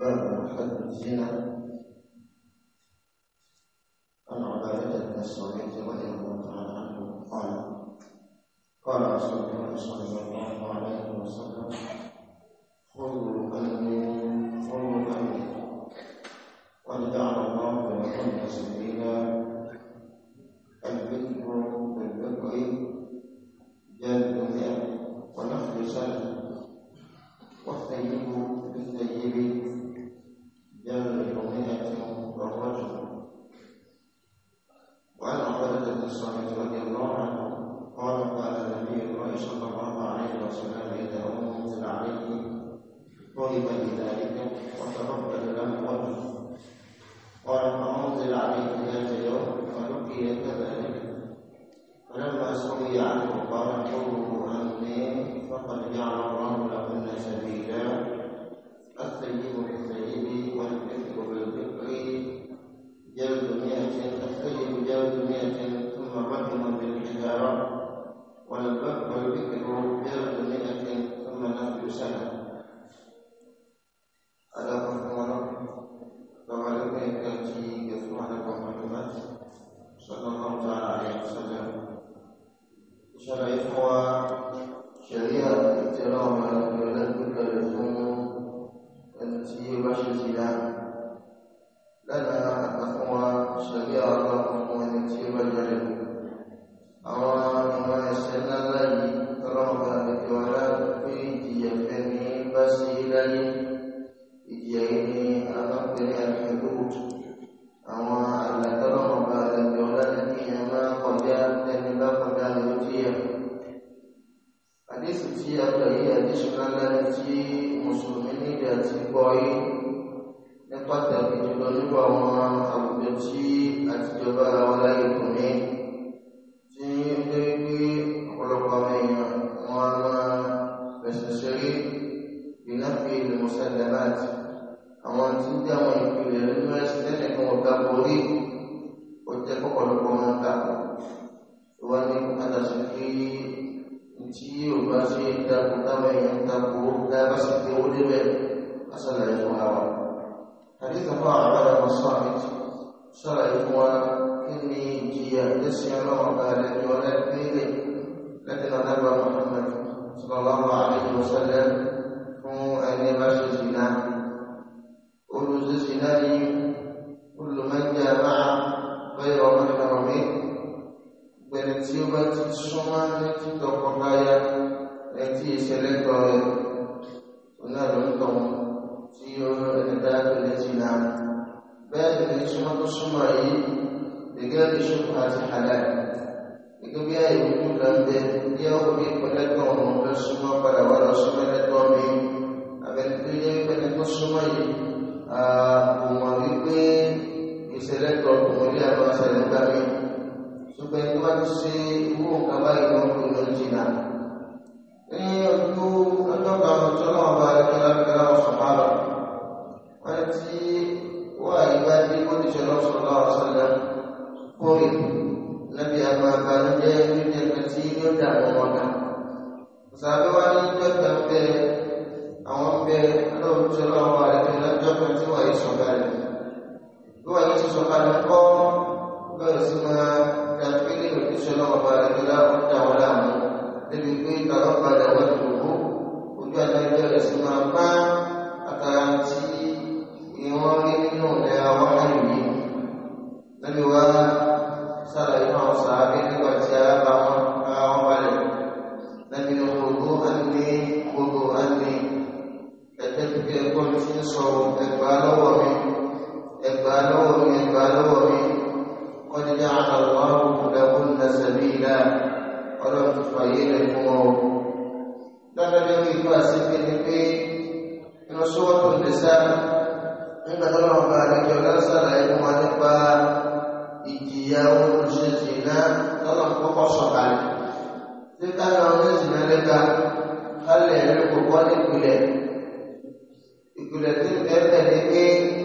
باب حد الزنا عن عبادة بن الصامت رضي الله تعالى عنه قال قال رسول الله صلى الله عليه وسلم ini ini lagi. musuh dari boy, nípa tàbí jùlọ nípa àwọn àwùjọ tí àtijọba àwọn aláìkú níbẹ̀ àṣàlàyé fún wa hadith fún àbára wọn sọ́ọ̀mì ṣàlàyé fún wa kí ni ìjìyà lẹ́sìn ọlọ́run bá lẹ́ni ọlẹ́ nílé lẹ́tìn ọ̀nàgbà Muhammad sallallahu alaihi wasallam fún ẹni bá ṣe zina olùṣe zina ni olùmọ̀jẹ̀ máa bẹ́ẹ̀ ọmọ ìrọ̀mí gbẹ̀rẹ̀ tí ó bá ti súnmọ́ ní títọ́kọ̀ báyà ẹ̀ tí ìṣẹ̀lẹ̀ náà ló ń tọ̀ tí ẹni tá a pèlè ti nà bẹ́ẹ̀ ni súnmọ́ tó súnmọ́ yìí gẹ́gẹ́ bí ṣùkú àti halal gẹ́gẹ́ bí àyè òkú kan bẹ ní ọkọ̀ bí pẹ̀lẹ́gbọ̀n ọmọ tó súnmọ́ padà wà lọ súnmọ́ ẹlẹ́tọ́ mi abẹ́ni tó yẹ pẹ̀lẹ́ tó súnmọ́ yìí àwọn wípé ìṣẹ̀lẹ̀ tọ̀ ọkùnrin ní àwọn ìṣẹ̀lẹ̀ gbà mí ṣùgbọ́n ẹni wá ti ṣe irú nǹkan báyìí wọn kò lọ jìnnà ọdún ọjọ́ ọjọ́ náà wá òjíṣẹ́ lọ́sọ̀lá ọ̀sọ̀lá kórè lẹ́bi àmà àbálẹ́jẹ́ níbi ẹ̀ka tí yóò dà wọ́n wọn náà. Sàbẹ̀wá ní ìjọba يلذين بيده ايه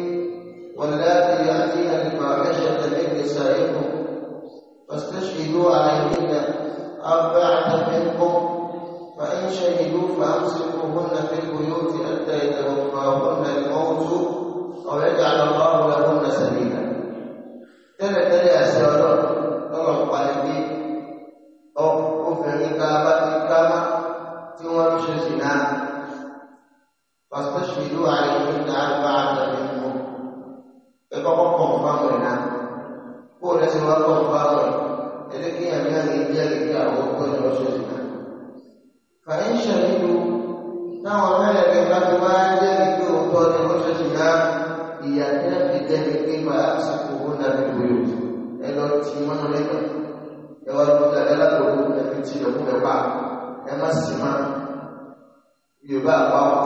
واللاتي ياتين الفاحشه من نسائكم فاستشهدوا عليهن اربعه منكم فان شهدوا فامسكوهن في البيوت حتى يتوفاهن الموت او يجعل الله لهن سبيلا ọlọ́run bá lọ ẹlẹ́kẹ́ àmì àti ìjẹ́rìí kí àwọn ọkọ̀ ìjọ ṣẹlẹ̀ náà. fàyẹ́ńṣà nínú táwọn mẹ́rẹ̀ẹ́rẹ́ bá ti wá jẹ́rìí pé òótọ́ ni wọ́n ṣe ṣì náà ìyá tí wọ́n fi jẹ́ ní pé máa sàkó owó dàbí ìwé ẹ lọ ti mọ́nà lẹ́nu ẹ wá lọ́dà ẹ lágbòó ẹ fi ti lọ́kùn ẹ pa ẹ má sì máa yorùbá àpapọ̀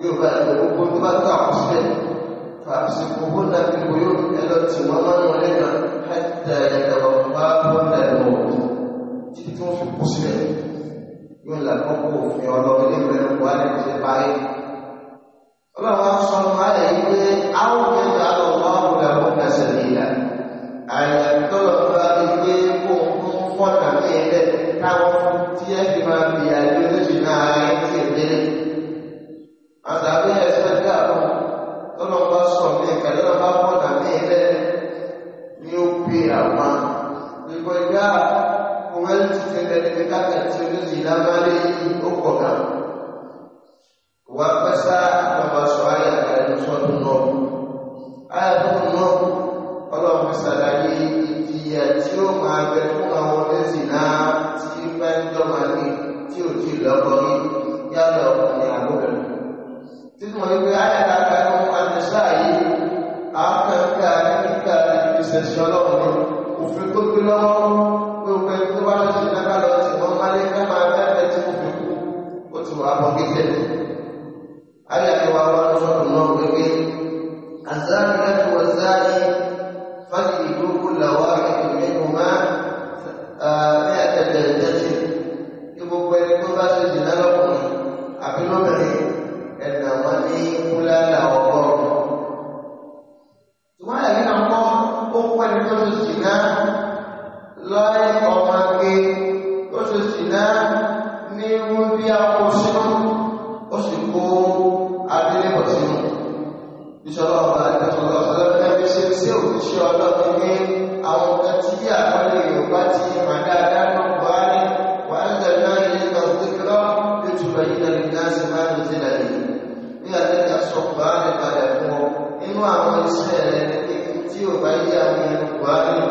yorùbá àti gbogbo tó bá tó àkọsílẹ̀ fàbísí gbogbo dàbí ìwé ẹ lọ ti mọ́nà lẹ́nu hátà ìtàwọ̀n bá ọlọ́run ṣàlàyé ìjìyà tí ó máa bẹ fún àwọn ẹlẹ́sìn náà tí bá ń tọ́ máa ní tí ò tí ì lọ́kọ tí ò bá yé àwọn ẹnu buhari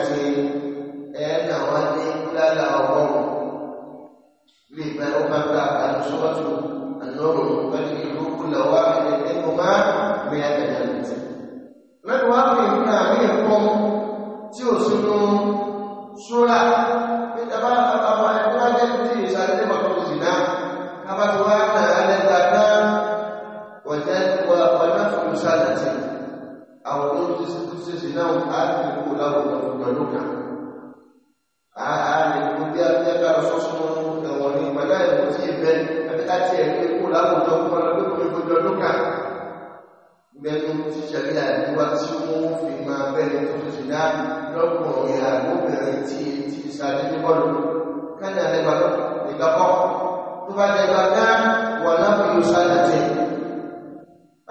humanity káti ẹ̀ pé kó láwùjọ kó lọ pé kó lọ lókà gbẹnu ṣíṣẹlẹ àdúrà tí wọn fi máa bẹ̀rẹ̀ tuntun sí náà lọkùnrin àgbóbìnrin tí ti ṣáájú ní bọ́ọ̀lù kánà lẹba ìgbàkọ tó bá lẹba ká wà láwọn yóò ṣáájú tẹ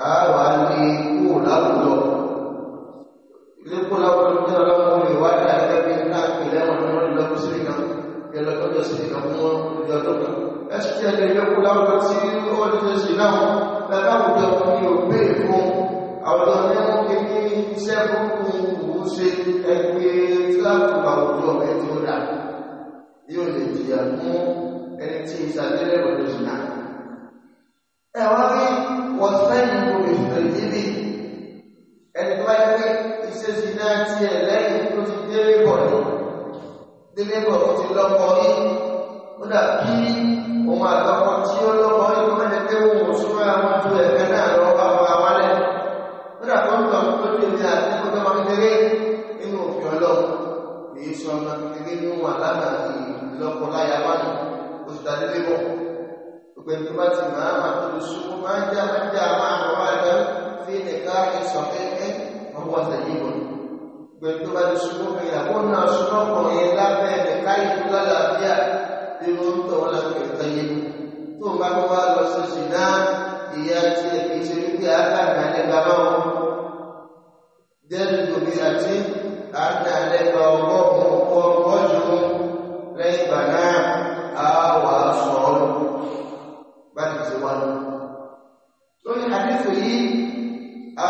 àwọn àgbè kó láwùjọ ilé kó láwùjọ ní ọlọ́wọ́ ìwádìí àgbẹ̀bí náà pè lẹ́wọ̀n ní wọ́n lọ́kùn sí ìgbà yẹn lọ́kọ́jọ́ sí ìgbà fún wọn ìjọ tó kàn cikin da ya kula lokaci wajen shi nan da láwùjọ ní òpé ìfún àwọn ọmọ kékeré iṣẹ́ fúnkún òun ṣe ẹgbẹ́ tíláàpù àwùjọ ẹni ó dà yóò lè jìyà fún ẹni tí ìṣàlẹ́lẹ̀ ọ̀dọ̀ sí náà. ẹ wá rí wọ́n sẹ́yìn kò lè fẹ̀ níbi ẹni tó wáyé pé iṣẹ́ sí náà ti ẹ̀ lẹ́yìn tó ti délé bọ̀ ní délé bọ̀ tó ti lọ́kọ̀ọ́ yìí ó dà kí òun àtọkọ tí ó lọ́kọ́ ìlú mẹ́rin pé òun ò súnmọ́ àwọn ju ẹ̀kẹ́ náà lọ bá wa wálẹ̀ lọ́dà tó ń tàn tó lè ní àti kó tọ́mọ kékeré nínú òfin ọlọ́run èyí sọ ọmọ kékeré ní òun àlámà ìlọ́kọ láyà wájú oṣù tàbí lébọ̀ gbogbo ẹni tó bá ti máa máa tó lè súnmọ́ máa ń já máa ń já máa ń wá ẹgbẹ́ fi ẹ̀ka ìsọ̀ kẹ́kẹ́ ọwọ́ àtẹ̀yìn wọn gbogbo ẹni nínú tó wọn láti ẹ̀kọ́ yé tó ń bá kọ́ wá lọ sí ṣìnà ìyá tí ẹ̀kí ṣe wípé àádọ́ta lẹ́gbà lọ́wọ́ jẹ́rìí tòbí àti àádọ́ta lẹ́gbà ọgọ́rùn-ún ọgọ́rùn-ún lẹ́yìn ìgbà náà á wà á sọ ọ́ bá ti ṣe wá lọ. lórí àdéhùn yìí á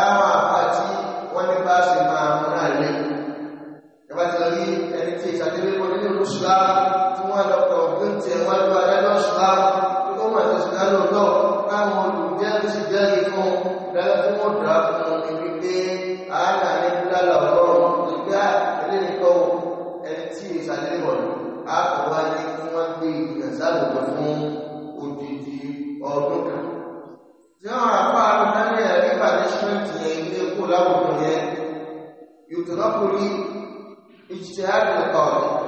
اجتهاد القاضي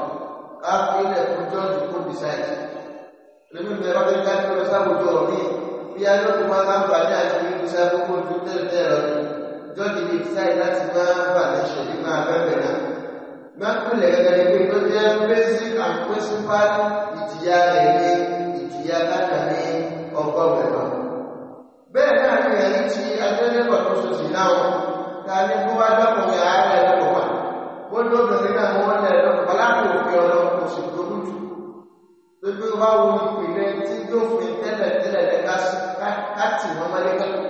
قال إلى الجورج يكون بسايس لمن بيرد كان كل سابو جورجي bí alóòtú máa ń gbà ní àti ibi tí agogo ju tẹ́lẹ̀ lọ jọ́ọ̀dì ní ìsáì láti máa ń bà lẹ́sẹ̀ nínú abẹ́bẹ̀ náà. Mákùlẹ̀ gẹ́gẹ́ pé tó jẹ́ basic and principal ìjìyà rẹ̀ ní ìjìyà láta ní ọgọ́rùn-ún lọ. Bẹ́ẹ̀ náà ni ẹ̀rí ti adẹ́lẹ́bọ̀ tó ṣoṣì náà ta ní kó wá wọ́n ló bẹ̀rẹ̀ náà wọ́n lẹ̀ lọ pàlàkì òfin ọ̀rọ̀ oṣù tó ń jù pé bí wọ́n bá wo ìpìlẹ̀ tí yóò fi tẹ́lẹ̀ tẹ́lẹ̀ lẹ́ káàtì wọn mọ́lẹ́kẹ́lẹ́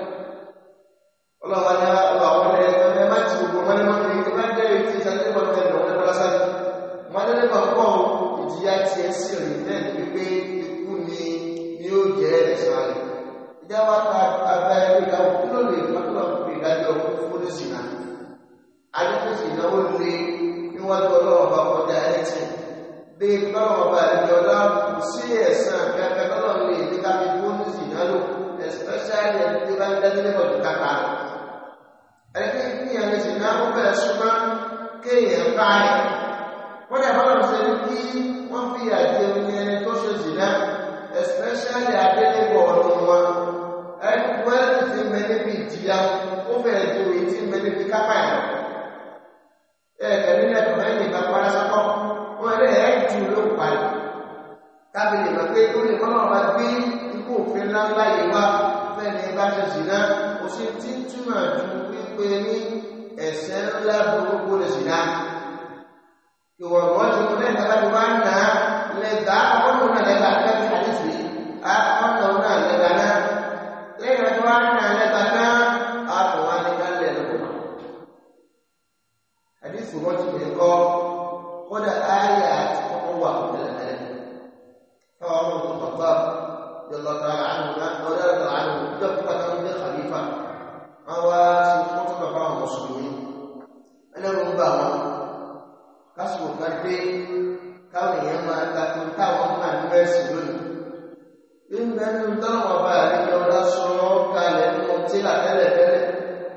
vai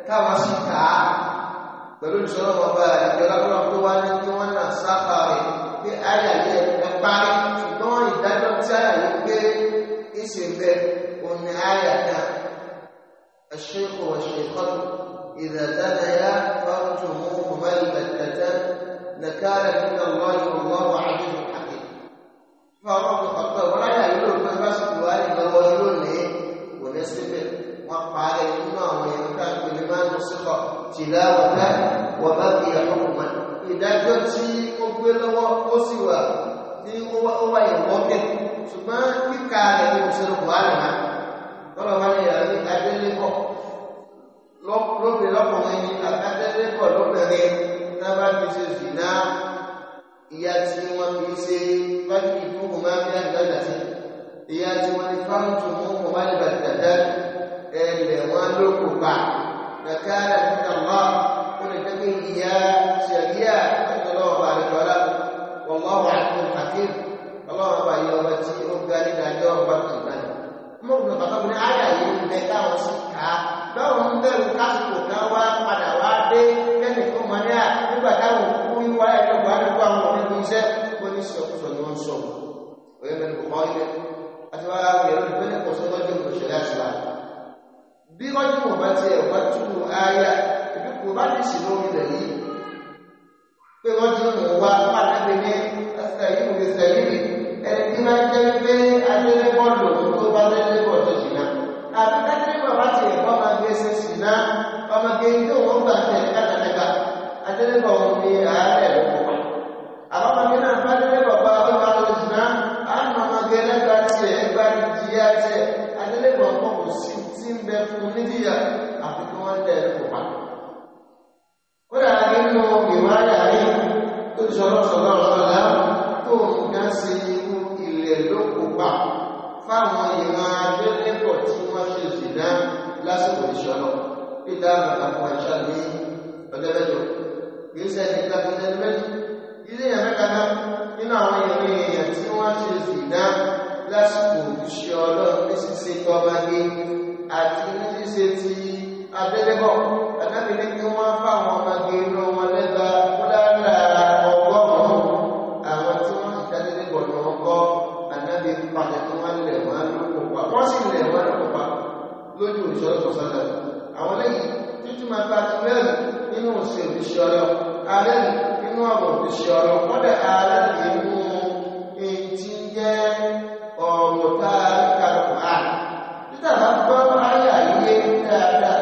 káwa sì kà á pẹ̀lú ìṣòro bàbá ìjọba ọlọ́run tó wá ní kí wọ́n náà sáfà rẹ̀ pé ayàyẹ ẹ̀ parí ṣùgbọ́n ìdájọ́ tí ayàyẹ gbé ìṣèbẹ̀ òní ayà náà الشيخ والشيخة إذا زنيا فارجموهما البتة نكالا من الله والله عليم حكيم فأمر الخطاب ولا يقول بس بس وقال لي ونسبت وقال لي fọ́síkọ̀ tìláwọ̀tá wà bá fi àkọ́kùnmọ́ ìdájọ́ tí ó gbé lọ́wọ́ ó sì wà ní ó wà ìwọ́kẹ̀ ṣùgbọ́n kíkà rẹ̀ ní òṣèlú buhari náà lọ́rọ̀ wá ní ìyàrá ní adélébọ̀ lóbìnrin lọ́kùnrin ní adélébọ̀ lóbìnrin náà bá fi ṣe zìnà ìyá tí wọ́n fi ṣe bá fi ìdúnkù máa fi àgbàdà sí ìyá tí wọ́n ní fáwọn tó mú mọ́ wá ní bàtàdá ẹlẹ̀ wọn ló kópa. نكالا من الله قل النبي يا سيديا أن الله بارك ولا والله عليم حكيم الله بارك يومتي أبقالي نجوم بارك الله مغنى بطبنا على يوم نتا وسكا لو هم دلوا كاسم ayà ibi kò bá lè ṣe lórí rẹ̀ yìí pé wọ́n ti mú wa pàtàkì ní ẹsẹ̀ yìí ní sẹ́yìn ní ẹni tí máa ń pé adélébọ̀ lò tó bá délébọ̀ tó ṣìnà àti délébọ̀ bá ti ẹ̀kọ́ máa gbé ṣe ṣìnà ọmọge yóò wọ́n gbà tẹ̀ kátàkátà adélébọ̀ ni àárẹ̀ lásìkò ṣe ọlọ́run ní ṣíṣe tọmọdé àti ní ṣíṣe ti abẹ́lẹ́bọ̀ àdábìlẹ́ kí wọ́n fáwọn ọmọdé inú wọn lẹ́gbà kúlára ọgọ́rùn-ún àwọn tí wọ́n ti dádẹ́lẹ́bọ̀ ní ọkọ́ àdábì padà tí wọ́n lẹ̀ wọ́n lóko pa wọ́n sì lẹ̀ wọ́n lóko pa lójú ìṣọ́lọ́sọ̀ sọ́dọ̀ àwọn lẹ́yìn títí máa bá ti rẹ́rù nínú òsè òṣìṣẹ́ ọlọ́ nínú àwọn òṣìṣẹ́ ọlọ́ Kota Al-Quran Kita berbahaya Yang tidak ada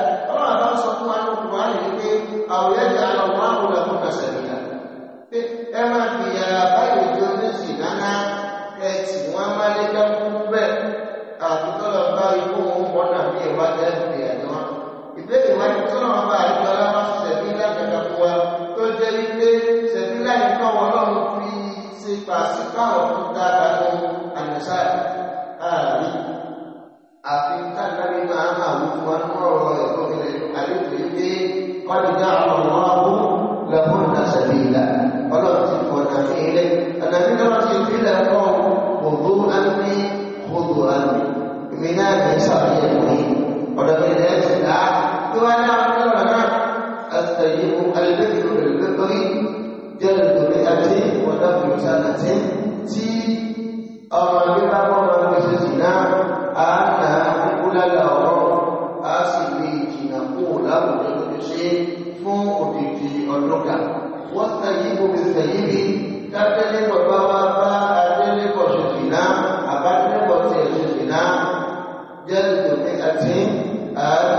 Uh,